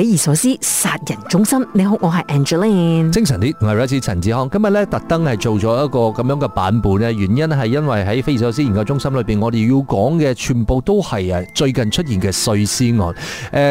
匪夷所思殺人中心，你好，我係 Angeline。精神啲，我係 Rose 陳志康。今日咧特登係做咗一個咁樣嘅版本咧，原因係因為喺匪夷所思研究中心裏邊，我哋要講嘅全部都係誒最近出現嘅碎屍案。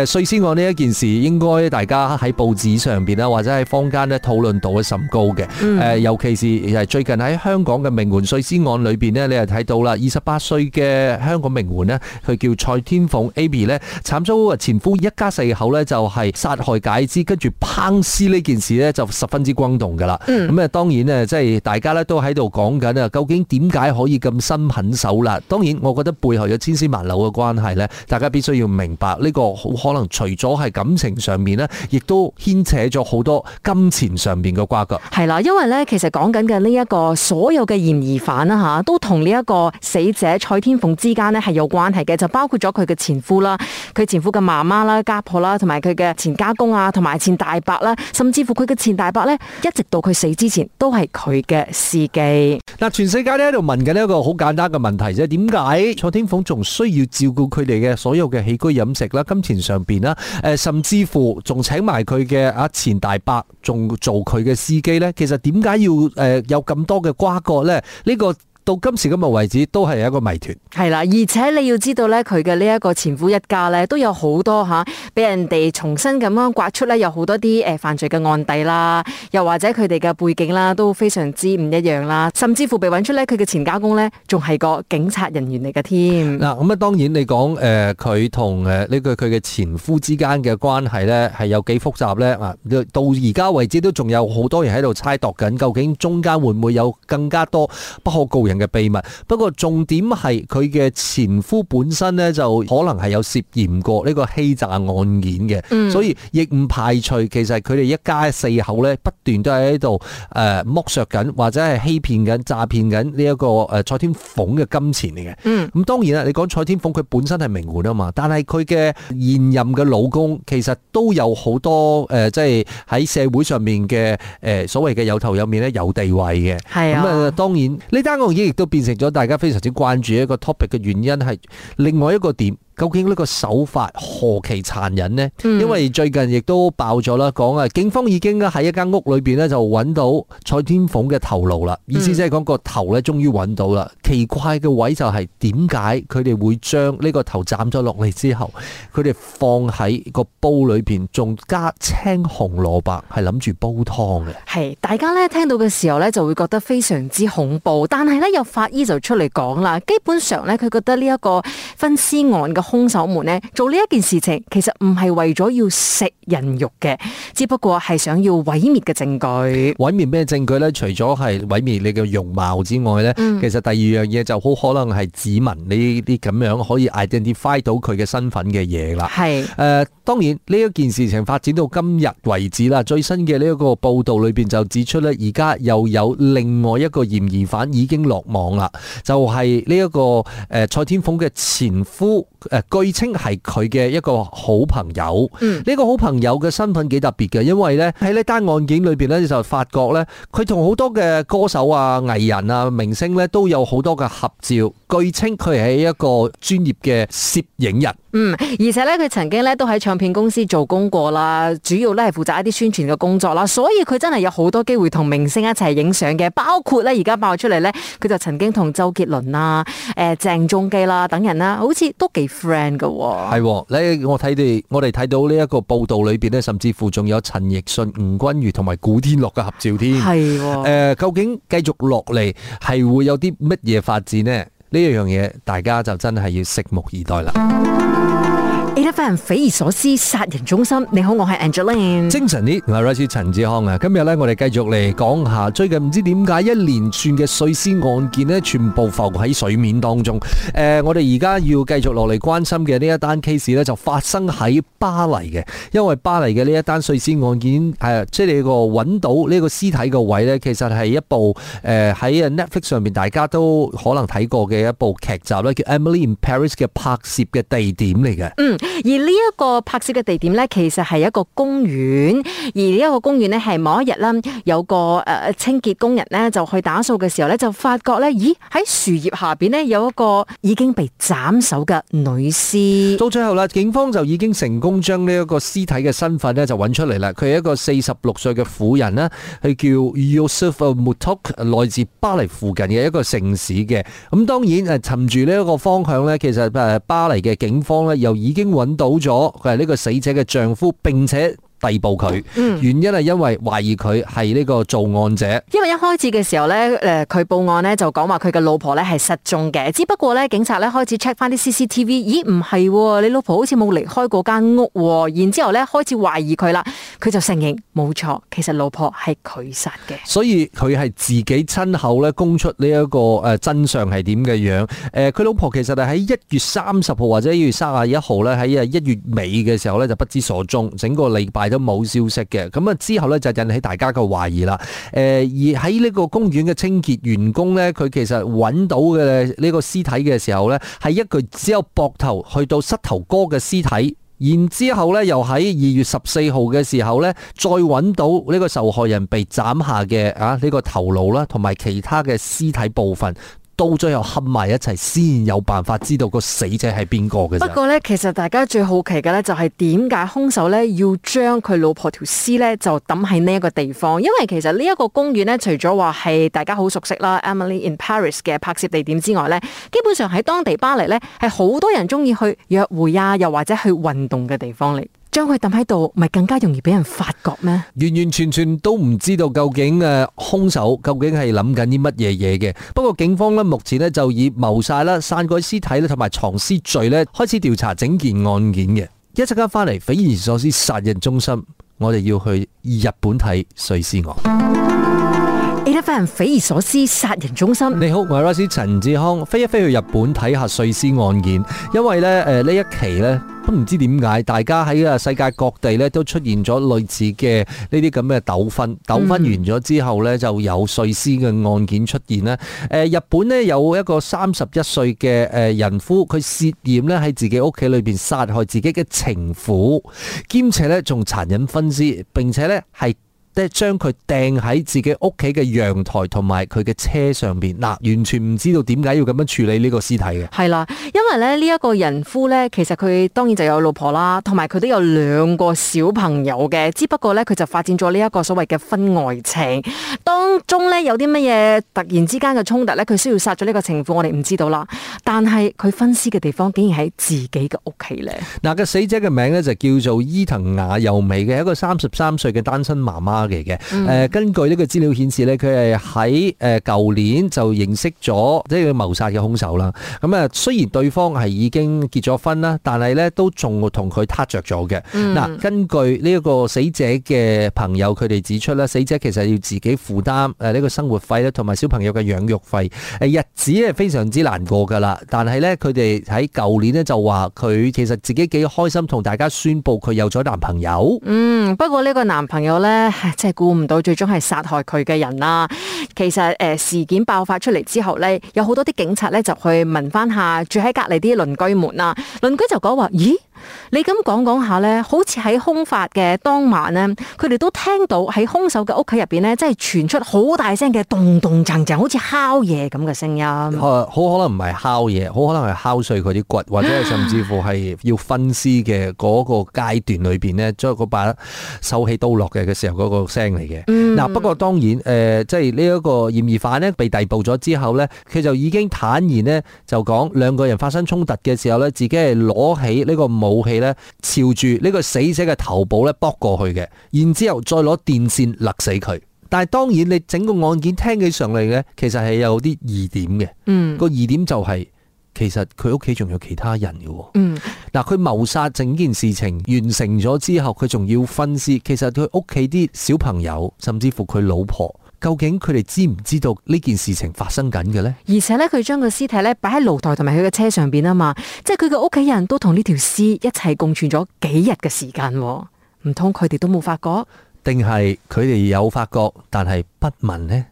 誒，碎屍案呢一件事，應該大家喺報紙上邊啊，或者喺坊間咧討論度啊甚高嘅。誒，尤其是係最近喺香港嘅名媛碎屍案裏邊咧，你又睇到啦，二十八歲嘅香港名媛咧，佢叫蔡天鳳 Abby 咧，慘遭前夫一家四口咧就係。係殺害解肢，跟住烹屍呢件事呢，就十分之轟動噶啦。咁啊、嗯，當然呢，即係大家咧都喺度講緊啊，究竟點解可以咁心狠手辣？當然，我覺得背後有千絲萬縷嘅關係呢，大家必須要明白呢、呢個好可能除咗係感情上面呢，亦都牽扯咗好多金錢上面嘅瓜葛。係啦，因為呢，其實講緊嘅呢一個所有嘅嫌疑犯啦吓，都同呢一個死者蔡天鳳之間呢係有關係嘅，就包括咗佢嘅前夫啦、佢前夫嘅媽媽啦、家婆啦，同埋佢嘅前家公啊，同埋前大伯啦、啊，甚至乎佢嘅前大伯咧，一直到佢死之前都係佢嘅司機。嗱，全世界咧喺度問緊呢一個好簡單嘅問題，啫，點解蔡天鳳仲需要照顧佢哋嘅所有嘅起居飲食啦、金錢上邊啦，誒，甚至乎仲請埋佢嘅啊前大伯仲做佢嘅司機咧？其實點解要誒有咁多嘅瓜葛咧？呢、呢個到今時今日為止，都係一個謎團。係啦，而且你要知道咧，佢嘅呢一個前夫一家咧，都有好多吓俾人哋重新咁樣刮出咧，有好多啲誒犯罪嘅案底啦，又或者佢哋嘅背景啦都非常之唔一樣啦。甚至乎被揾出咧，佢嘅前家公咧仲係個警察人員嚟嘅添。嗱，咁啊，當然你講誒佢同誒呢個佢嘅前夫之間嘅關係咧，係有幾複雜咧啊！到到而家為止都仲有好多人喺度猜度緊，究竟中間會唔會有更加多不可告人嘅秘密。不過重點係佢嘅前夫本身咧，就可能係有涉嫌過呢個欺詐案件嘅。嗯、所以亦唔排除其實佢哋一家四口咧，不斷都喺度誒剝削緊，或者係欺騙緊、詐騙緊呢一個誒蔡天鳳嘅金錢嚟嘅。嗯，咁當然啦，你講蔡天鳳佢本身係名媛啊嘛，但係佢嘅現任嘅老公其實都有好多誒，即係喺社會上面嘅誒、呃、所謂嘅有頭有面咧，有地位嘅。係啊，咁啊、嗯，當然呢單案亦都變成咗大家非常之關注一個 topic 嘅原因係另外一個點。究竟呢個手法何其殘忍呢？因為最近亦都爆咗啦，講啊，警方已經喺一間屋裏邊咧就揾到蔡天鳳嘅頭顱啦。意思即係講個頭咧，終於揾到啦。奇怪嘅位就係點解佢哋會將呢個頭斬咗落嚟之後，佢哋放喺個煲裏邊仲加青紅蘿蔔，係諗住煲湯嘅。係大家咧聽到嘅時候咧，就會覺得非常之恐怖。但係咧，有法醫就出嚟講啦，基本上咧，佢覺得呢一個分屍案嘅。兇手們呢，做呢一件事情，其實唔係為咗要食人肉嘅，只不過係想要毀滅嘅證據。毀滅咩證據呢？除咗係毀滅你嘅容貌之外呢，嗯、其實第二樣嘢就好可能係指紋，呢啲咁樣可以 identify 到佢嘅身份嘅嘢啦。係誒是、呃，當然呢一件事情發展到今日為止啦。最新嘅呢一個報道裏邊就指出呢，而家又有另外一個嫌疑犯已經落網啦，就係呢一個誒、呃、蔡天鳳嘅前夫。呃據稱係佢嘅一個好朋友，呢個好朋友嘅身份幾特別嘅，因為咧喺呢單案件裏邊咧就發覺咧，佢同好多嘅歌手啊、藝人啊、明星咧都有好多嘅合照，據稱佢係一個專業嘅攝影人。嗯，而且咧，佢曾經咧都喺唱片公司做工過啦，主要咧係負責一啲宣傳嘅工作啦，所以佢真係有好多機會同明星一齊影相嘅，包括咧而家爆出嚟咧，佢就曾經同周杰倫啦、誒鄭中基啦等人啦，好似都幾 friend 㗎喎，哦。係。喎，我睇哋我哋睇到呢一個報道裏邊呢，甚至乎仲有陳奕迅、吳君如同埋古天樂嘅合照添係誒。究竟繼續落嚟係會有啲乜嘢發展呢？呢樣嘢大家就真係要拭目以待啦。睇得翻人匪夷所思，殺人中心。你好，我係 Angeline。精神啲，我係律師陳志康啊。今日呢，我哋繼續嚟講下最近唔知點解一連串嘅碎屍案件呢，全部浮喺水面當中。誒、呃，我哋而家要繼續落嚟關心嘅呢一單 case 呢就發生喺巴黎嘅。因為巴黎嘅呢一單碎屍案件，誒、呃，即係你個揾到呢個屍體嘅位呢，其實係一部誒喺、呃、Netflix 上面大家都可能睇過嘅一部劇集咧，叫 Emily in Paris 嘅拍攝嘅地點嚟嘅。嗯。而呢一個拍攝嘅地點咧，其實係一個公園。而呢一個公園咧，係某一日啦，有個誒清潔工人咧，就去打掃嘅時候咧，就發覺咧，咦喺樹葉下邊咧有一個已經被斬首嘅女屍。到最後啦，警方就已經成功將呢一個屍體嘅身份咧就揾出嚟啦。佢係一個四十六歲嘅婦人啦，係叫 Youssef Moutok，來自巴黎附近嘅一個城市嘅。咁當然誒，尋住呢一個方向咧，其實誒巴黎嘅警方咧又已經揾。到咗，佢係呢個死者嘅丈夫，並且，逮捕佢，原因係因為懷疑佢係呢個作案者。因為一開始嘅時候咧，誒、呃，佢報案咧就講話佢嘅老婆咧係失蹤嘅，只不過咧警察咧開始 check 翻啲 CCTV，咦，唔係喎，你老婆好似冇離開過間屋喎，然之後咧開始懷疑佢啦，佢就承認冇錯，其實老婆係佢殺嘅。所以佢係自己親口咧供出呢一個誒真相係點嘅樣？誒、呃，佢老婆其實係喺一月三十號或者一月卅啊一號咧，喺啊一月尾嘅時候咧就不知所蹤，整個禮拜。都冇消息嘅，咁啊之後呢，就引起大家嘅懷疑啦。誒，而喺呢個公園嘅清潔員工呢，佢其實揾到嘅呢個屍體嘅時候呢，係一具只有膊頭去到膝頭哥嘅屍體。然之後呢，又喺二月十四號嘅時候呢，再揾到呢個受害人被斬下嘅啊呢個頭顱啦，同埋其他嘅屍體部分。到最後又合埋一齊，先有辦法知道個死者係邊個嘅。不過咧，其實大家最好奇嘅咧，就係點解兇手咧要將佢老婆條屍咧就抌喺呢一個地方？因為其實呢一個公園咧，除咗話係大家好熟悉啦，《Emily in Paris》嘅拍攝地點之外咧，基本上喺當地巴黎咧係好多人中意去約會啊，又或者去運動嘅地方嚟。將佢抌喺度，咪更加容易俾人發覺咩？完完全全都唔知道究竟誒，凶手究竟係諗緊啲乜嘢嘢嘅。不過警方咧，目前就以謀殺啦、散鬼屍體同埋藏屍罪呢開始調查整件案件嘅。一陣間翻嚟，匪夷所思殺人中心，我哋要去日本睇碎屍案。你啲返「匪夷所思殺人中心，你好，我係 Ross 陳志康，飛一飛去日本睇下碎屍案件，因為誒呢、呃、呢一期呢都唔知點解，大家喺啊世界各地咧都出現咗類似嘅呢啲咁嘅糾紛，糾紛完咗之後呢，就有碎屍嘅案件出現啦。誒，日本呢有一個三十一歲嘅誒人夫，佢涉嫌呢喺自己屋企裏面殺害自己嘅情婦，兼且呢仲殘忍分屍，並且呢係。即係將佢掟喺自己屋企嘅陽台同埋佢嘅車上邊，嗱，完全唔知道點解要咁樣處理呢個屍體嘅。係啦，因為咧呢一個人夫咧，其實佢當然就有老婆啦，同埋佢都有兩個小朋友嘅，只不過咧佢就發展咗呢一個所謂嘅婚外情當中咧，有啲乜嘢突然之間嘅衝突咧，佢需要殺咗呢個情婦，我哋唔知道啦。但係佢分屍嘅地方竟然喺自己嘅屋企咧。嗱，個死者嘅名咧就叫做伊藤雅由美嘅，一個三十三歲嘅單身媽媽。嘅，嗯、根據呢個資料顯示咧，佢係喺誒舊年就認識咗即係佢謀殺嘅兇手啦。咁啊，雖然對方係已經結咗婚啦，但係咧都仲同佢撻著咗嘅。嗱、嗯，根據呢一個死者嘅朋友，佢哋指出咧，死者其實要自己負擔呢個生活費咧，同埋小朋友嘅養育費，日子係非常之難過噶啦。但係咧，佢哋喺舊年咧就話佢其實自己幾開心，同大家宣布佢有咗男朋友。嗯，不過呢個男朋友咧。即係估唔到最終係殺害佢嘅人啦、啊。其實誒、呃，事件爆發出嚟之後呢，有好多啲警察呢就去問翻下住喺隔籬啲鄰居們啦。鄰居就講話：咦？你咁講講下咧，好似喺凶殺嘅當晚呢，佢哋都聽到喺兇手嘅屋企入邊呢，即係傳出好大聲嘅動動陣陣，好似敲嘢咁嘅聲音。好可能唔係敲嘢，好可能係敲碎佢啲骨，或者係甚至乎係要分屍嘅嗰個階段裏邊呢，將嗰 把手起刀落嘅嘅時候嗰個聲嚟嘅。嗱，嗯、不過當然誒，即係呢一個嫌疑犯呢，被逮捕咗之後呢，佢就已經坦然呢，就講，兩個人發生衝突嘅時候呢，自己係攞起呢個武器咧，朝住呢個死者嘅頭部咧剝過去嘅，然之後再攞電線勒死佢。但係當然，你整個案件聽起上嚟咧，其實係有啲疑點嘅。嗯，個疑點就係、是、其實佢屋企仲有其他人嘅。嗯，嗱，佢謀殺整件事情完成咗之後，佢仲要分屍。其實佢屋企啲小朋友，甚至乎佢老婆。究竟佢哋知唔知道呢件事情發生緊嘅咧？而且咧，佢將個屍體咧擺喺露台同埋佢嘅車上邊啊嘛，即係佢嘅屋企人都同呢條屍一齊共存咗幾日嘅時間，唔通佢哋都冇發覺？定係佢哋有發覺，但係不聞咧？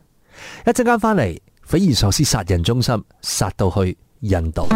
一陣間翻嚟，匪夷所思殺人中心，殺到去印度。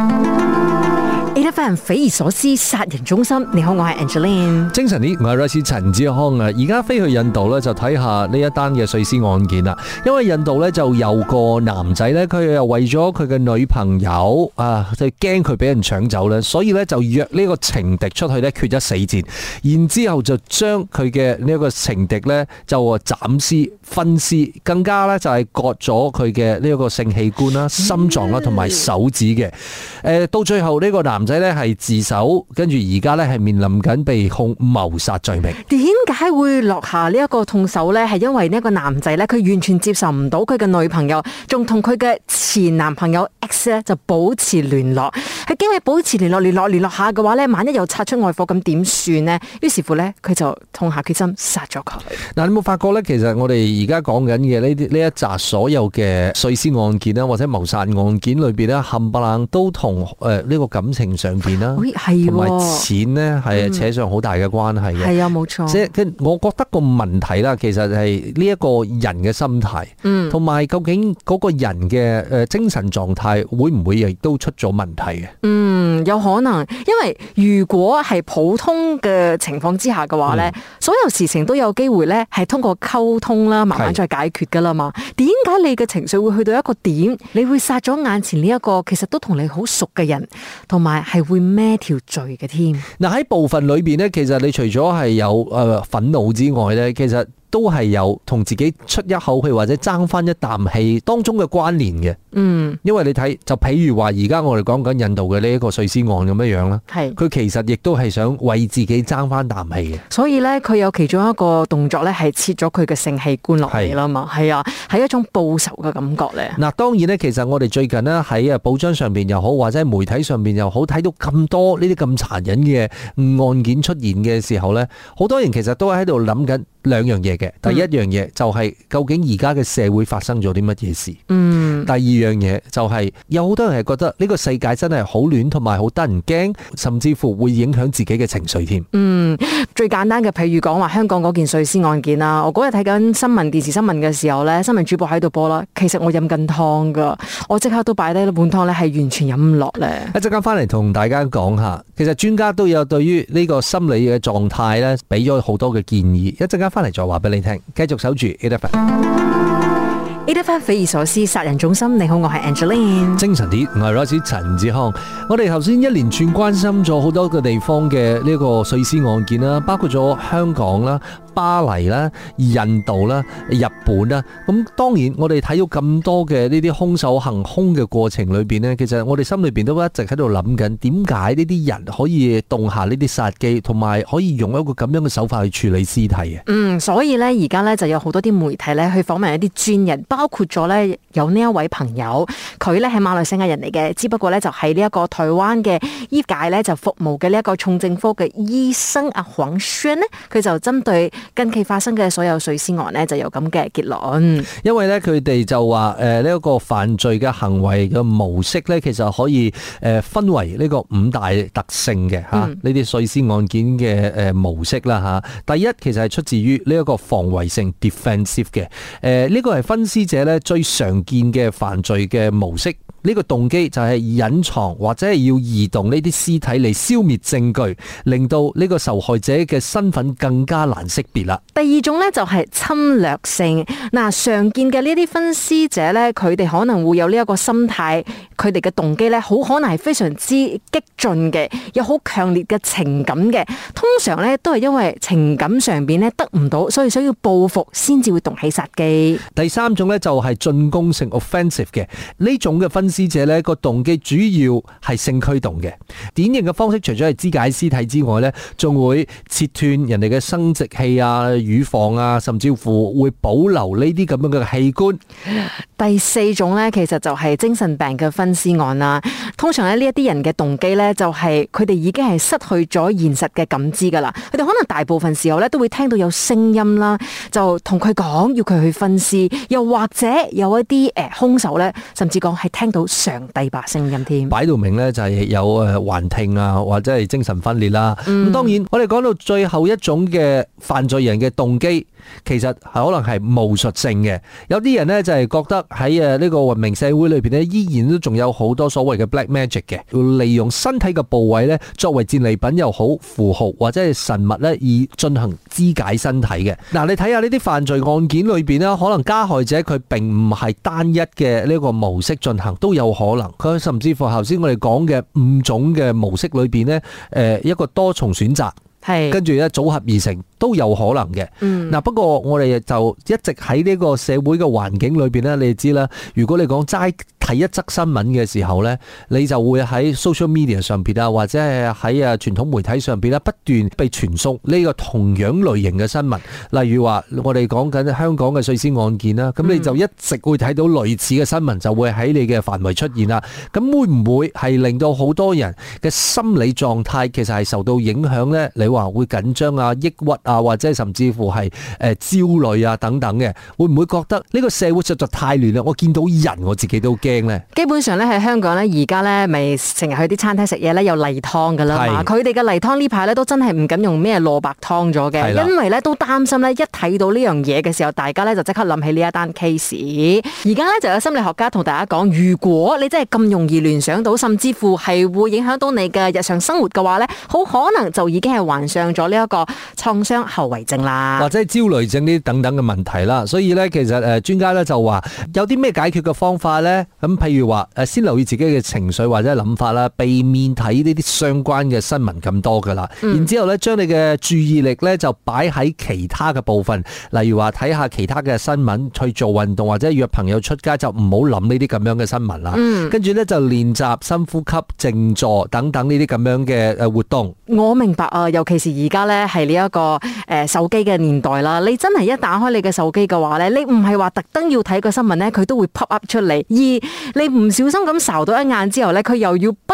一啲非常匪夷所思殺人中心，你好，我係 Angeline，精神啲，我係律師陳志康啊，而家飛去印度呢，就睇下呢一單嘅碎屍案件啦。因為印度呢，就有個男仔呢，佢又為咗佢嘅女朋友啊，就驚佢俾人搶走呢，所以呢，就約呢個情敵出去呢，決一死戰，然之後就將佢嘅呢一個情敵呢，就斬屍分屍，更加呢，就係割咗佢嘅呢一個性器官啦、心臟啦同埋手指嘅。誒、嗯，到最後呢、這個男。男仔咧係自首，跟住而家咧係面臨緊被控謀殺罪名。點解會落下呢一個痛手呢？係因為呢一個男仔呢，佢完全接受唔到佢嘅女朋友，仲同佢嘅前男朋友 X 咧就保持聯絡。係經咪保持聯絡、聯絡、聯絡下嘅話呢，萬一又擦出愛火咁點算呢？於是乎呢，佢就痛下決心殺咗佢。嗱，你有冇發覺呢？其實我哋而家講緊嘅呢啲呢一扎所有嘅碎屍案件啊，或者謀殺案件裏邊呢，冚唪唥都同誒呢個感情，上邊啦，同埋錢咧係扯上好大嘅關係嘅，係、嗯、啊，冇錯。即係我覺得個問題啦，其實係呢一個人嘅心態，同埋、嗯、究竟嗰個人嘅誒精神狀態會唔會亦都出咗問題嘅？嗯，有可能，因為如果係普通嘅情況之下嘅話咧，嗯、所有事情都有機會咧係通過溝通啦，慢慢再解決噶啦嘛。點解是你嘅情緒會去到一個點，你會殺咗眼前呢一個其實都同你好熟嘅人，同埋。係會孭條罪嘅添。嗱，喺部分裏邊咧，其實你除咗係有誒憤怒之外咧，其實。都係有同自己出一口氣或者爭翻一啖氣當中嘅關聯嘅。嗯，因為你睇就譬如話，而家我哋講緊印度嘅呢一個碎屍案咁樣樣啦，係佢是其實亦都係想為自己爭翻啖氣嘅。所以呢，佢有其中一個動作呢，係切咗佢嘅性器官落嚟啦嘛，係啊，係一種報仇嘅感覺呢。嗱，當然呢，其實我哋最近呢，喺啊報章上面又好，或者媒體上面又好，睇到咁多呢啲咁殘忍嘅案件出現嘅時候呢，好多人其實都喺度諗緊。兩樣嘢嘅，第一樣嘢就係究竟而家嘅社會發生咗啲乜嘢事？嗯。第二樣嘢就係有好多人係覺得呢個世界真係好亂同埋好得人驚，甚至乎會影響自己嘅情緒添。嗯，最簡單嘅，譬如講話香港嗰件碎屍案件啦，我嗰日睇緊新聞電視新聞嘅時候呢，新聞主播喺度播啦，其實我飲緊湯噶，我即刻都擺低咗碗湯呢，係完全飲唔落咧。一陣間翻嚟同大家講下，其實專家都有對於呢個心理嘅狀態呢，俾咗好多嘅建議。一陣間。翻嚟再話俾你聽，繼續守住 e d A. F. A. F. 匪夷所思殺人中心，你好，我係 Angeline。精神啲，我係 Rose 陳志康。我哋頭先一連串關心咗好多個地方嘅呢個碎屍案件啦，包括咗香港啦。巴黎啦、印度啦、日本啦，咁當然我哋睇到咁多嘅呢啲兇手行兇嘅過程裏面呢，其實我哋心裏面都一直喺度諗緊，點解呢啲人可以動下呢啲殺機，同埋可以用一個咁樣嘅手法去處理屍體。嗯，所以呢，而家呢就有好多啲媒體呢去訪問一啲專人，包括咗呢有呢一位朋友，佢呢係馬來西亞人嚟嘅，只不過呢就係呢一個台灣嘅醫界呢就服務嘅呢一個重症科嘅醫生阿黃軒呢，佢就針對近期發生嘅所有碎屍案呢，就有咁嘅結論。因為呢，佢哋就話誒，呢一個犯罪嘅行為嘅模式呢，其實可以誒分為呢個五大特性嘅吓，呢啲碎屍案件嘅誒模式啦吓。第一，其實係出自於呢一個防衛性 defensive 嘅，誒呢個係分屍者呢最常見嘅犯罪嘅模式。呢個動機就係隱藏或者係要移動呢啲屍體嚟消滅證據，令到呢個受害者嘅身份更加難識別啦。第二種呢，就係侵略性，嗱，常見嘅呢啲分屍者呢，佢哋可能會有呢一個心態，佢哋嘅動機呢，好可能係非常之激進嘅，有好強烈嘅情感嘅。通常呢，都係因為情感上邊呢得唔到，所以需要報復先至會動起殺機。第三種呢，就係進攻性 （offensive） 嘅呢種嘅分死者呢個動機主要係性驅動嘅，典型嘅方式除咗係肢解屍體之外咧，仲會切斷人哋嘅生殖器啊、乳房啊，甚至乎會保留呢啲咁樣嘅器官。第四種咧，其實就係精神病嘅分屍案啦。通常咧呢一啲人嘅動機咧，就係佢哋已經係失去咗現實嘅感知噶啦。佢哋可能大部分時候咧都會聽到有聲音啦，就同佢講要佢去分屍，又或者有一啲誒兇手咧，甚至講係聽到的。上帝把聲音添，擺到明咧，就係有誒幻聽啊，或者係精神分裂啦。咁、嗯、當然，我哋講到最後一種嘅犯罪人嘅動機，其實係可能係巫術性嘅。有啲人咧就係覺得喺誒呢個文明社會裏邊咧，依然都仲有好多所謂嘅 black magic 嘅，利用身體嘅部位咧作為戰利品又好，符號或者係神物咧，以進行肢解身體嘅。嗱、呃，你睇下呢啲犯罪案件裏邊咧，可能加害者佢並唔係單一嘅呢個模式進行都。都有可能，佢甚至乎頭先我哋講嘅五種嘅模式裏邊咧，誒一個多重選擇，係跟住咧組合而成都有可能嘅。嗯，嗱不過我哋就一直喺呢個社會嘅環境裏邊咧，你知啦，如果你講齋。喺一則新聞嘅時候呢，你就會喺 social media 上邊啊，或者係喺啊傳統媒體上邊啊，不斷被傳送呢個同樣類型嘅新聞。例如話我哋講緊香港嘅碎屍案件啦，咁你就一直會睇到類似嘅新聞，就會喺你嘅範圍出現啦。咁會唔會係令到好多人嘅心理狀態其實係受到影響呢？你話會緊張啊、抑鬱啊，或者甚至乎係誒焦慮啊等等嘅，會唔會覺得呢個社會實在太亂啦？我見到人我自己都驚。基本上咧，喺香港咧，而家咧，咪成日去啲餐廳食嘢咧，有例湯噶啦嘛。佢哋嘅例湯呢排咧，都真係唔敢用咩蘿蔔湯咗嘅，的因為咧都擔心咧，一睇到呢樣嘢嘅時候，大家咧就即刻諗起呢一單 case。而家咧就有心理學家同大家講，如果你真係咁容易聯想到，甚至乎係會影響到你嘅日常生活嘅話咧，好可能就已經係患上咗呢一個創傷後遺症啦，或者焦慮症呢等等嘅問題啦。所以咧，其實誒專家咧就話有啲咩解決嘅方法咧譬如話誒，先留意自己嘅情緒或者諗法啦，避免睇呢啲相關嘅新聞咁多噶啦。嗯、然之後咧，將你嘅注意力咧就擺喺其他嘅部分，例如話睇下其他嘅新聞，去做運動或者約朋友出街，就唔好諗呢啲咁樣嘅新聞啦。嗯、跟住咧就練習深呼吸、靜坐等等呢啲咁樣嘅誒活動。我明白啊，尤其是而家咧係呢一個誒手機嘅年代啦。你真係一打開你嘅手機嘅話咧，你唔係話特登要睇個新聞咧，佢都會 pop up 出嚟，而你唔小心咁掃到一眼之後咧，佢又要不